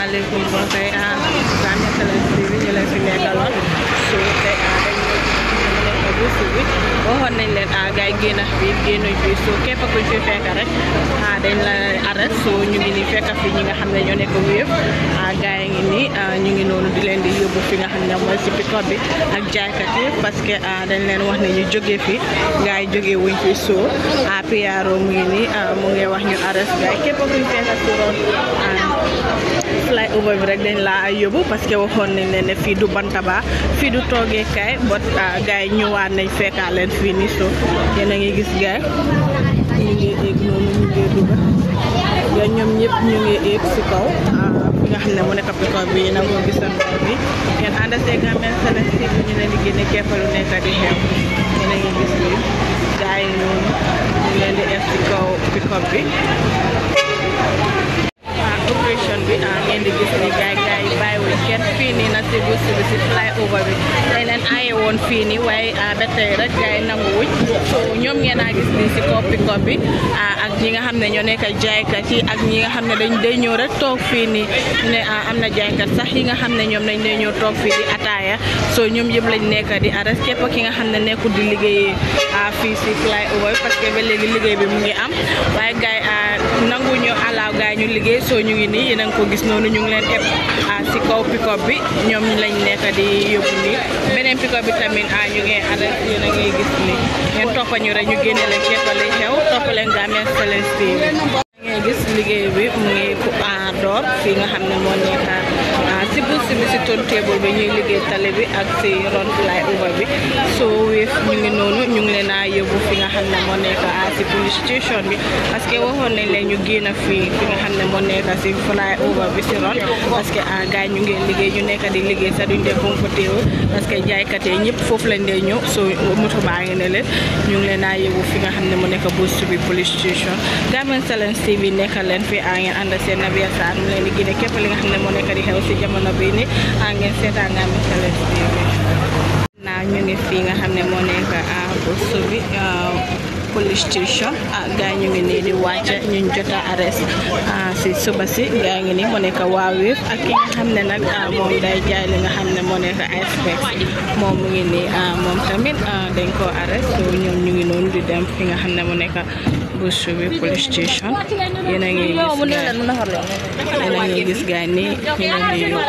asalaamaaleykum bon tey ah Gambia Talents TV ñu leen fi nekkaloon su tey ah dañ ñëw ci nekk buusu bi waxoon nañ leen ah gaay génn saya génnuñ bi su képp ku ci fekk rek saya dañ la arrêt su ñu ngi nii fekk fi ñi nga xam ne ñoo nekk wéef ah gaay ngi nii ñu ngi noonu di leen di yóbbu fi nga xam ne mooy si pick-up bi ak jaaykat yi parce que ah dañ leen saya ne ñu jógee fi gaay jógee wuñ fi su ah PRO mu ngi nii fly over bi rek dañ laa ay yóbbu parce que waxon nañ leen ne e fii du bantaba fi du toge kay bot gaay ñëwaat nañ fekkaa leen fii nii so yéen a ngi gis gaay ñu ngi éeg noonu ñu ngi ba ya ñom ñep ñu ngi ek ci kaw fi nga xam ne mu nekk bi na mo a ko bi kaw bi ngeen ànd see gamel sene si ñu leen di kefalu keppalu nekk di xew yéen a gis gaay ñu ñu leen di ek ci kaw pick up bi bi ngeen di gis ni gaay gaay yi bàyyiwul kenn fii nii na to, bu si bi si flyover bi leneen amee woon fii nii waaye ah, ba tey rek gars yi nangu wuñ so ñoom ngeen a gis nii si koppi koppi ah, ak ñi nga xam ne ñoo nekk jaaykat yi ak ñi nga xam ne dañ day ñëw rek toog fii nii ne ah, am na jaaykat sax yi nga xam ne ñoom dañ day ñëw toog fii di ataaya soo ñoom yëpp lañ nekk di aras képp ki nga xam ne nekkul di liggéeyee fii si flyover parce que ba léegi liggéey bi mu ngi am waaye gars yi nangu ñu alaaw gars ñu liggéey soo ñu ngi nii yéen a ngi ko gis noonu ñu ngi leen ëpp si kaw pick bi ñoom lañ nekk di yóbbu nii beneen pick la A ah, ñu ngi ànd ak yéen a ngi gis ni ngeen topp ñu rek ñu génne leen képp li xew topp leen Gambian Talents TV gis liggéey bi mu ngi ku door nga xam ne moo nekka ah, si bu si bi si ton table bi ñuy liggéey tali bi ak si ron fly over bi so wéef ñu ngi noonu ñu ngi leen a yóbbu fi xam ne moo bi parce que waxoon nañ leen ñu génn fii xam ne moo nekk si fly over bi si ah, ñu ngi liggéey ñu nekk di liggéey sa duñ dee comfortable parce que jaaykat yi ñëpp foofu lañ dee ñëw soo moto baa ngi ne leen ñu ngi leen naa yóbbu fi nga xam ne mu nekk bus bi police station Gambian Talents TV nekk leen fi a ah, ngeen ànd seen Nabiya Sarr mu leen di génne képp li nga xam ne moo nekk di xew si jamono bi ni a ah, ngeen seetaan Gambian Talents TV naa ñu ngi fii nga xam ne moo nekk ah, subi ah, police station ah, gaa ñu ngi nii di wàcca ñu jota arrest si suba si gaa ngi nii moo nekk waaweef ak ki nga xam ne nag moom day jaay li nga xam ne moo nekk moom mu ngi nii moom tamit dañ ko arrest ñoom ñu ngi noonu di dem fi nga xam ne moo nekk bu subi police station yéen a ngi gis gaa nii ñu ngi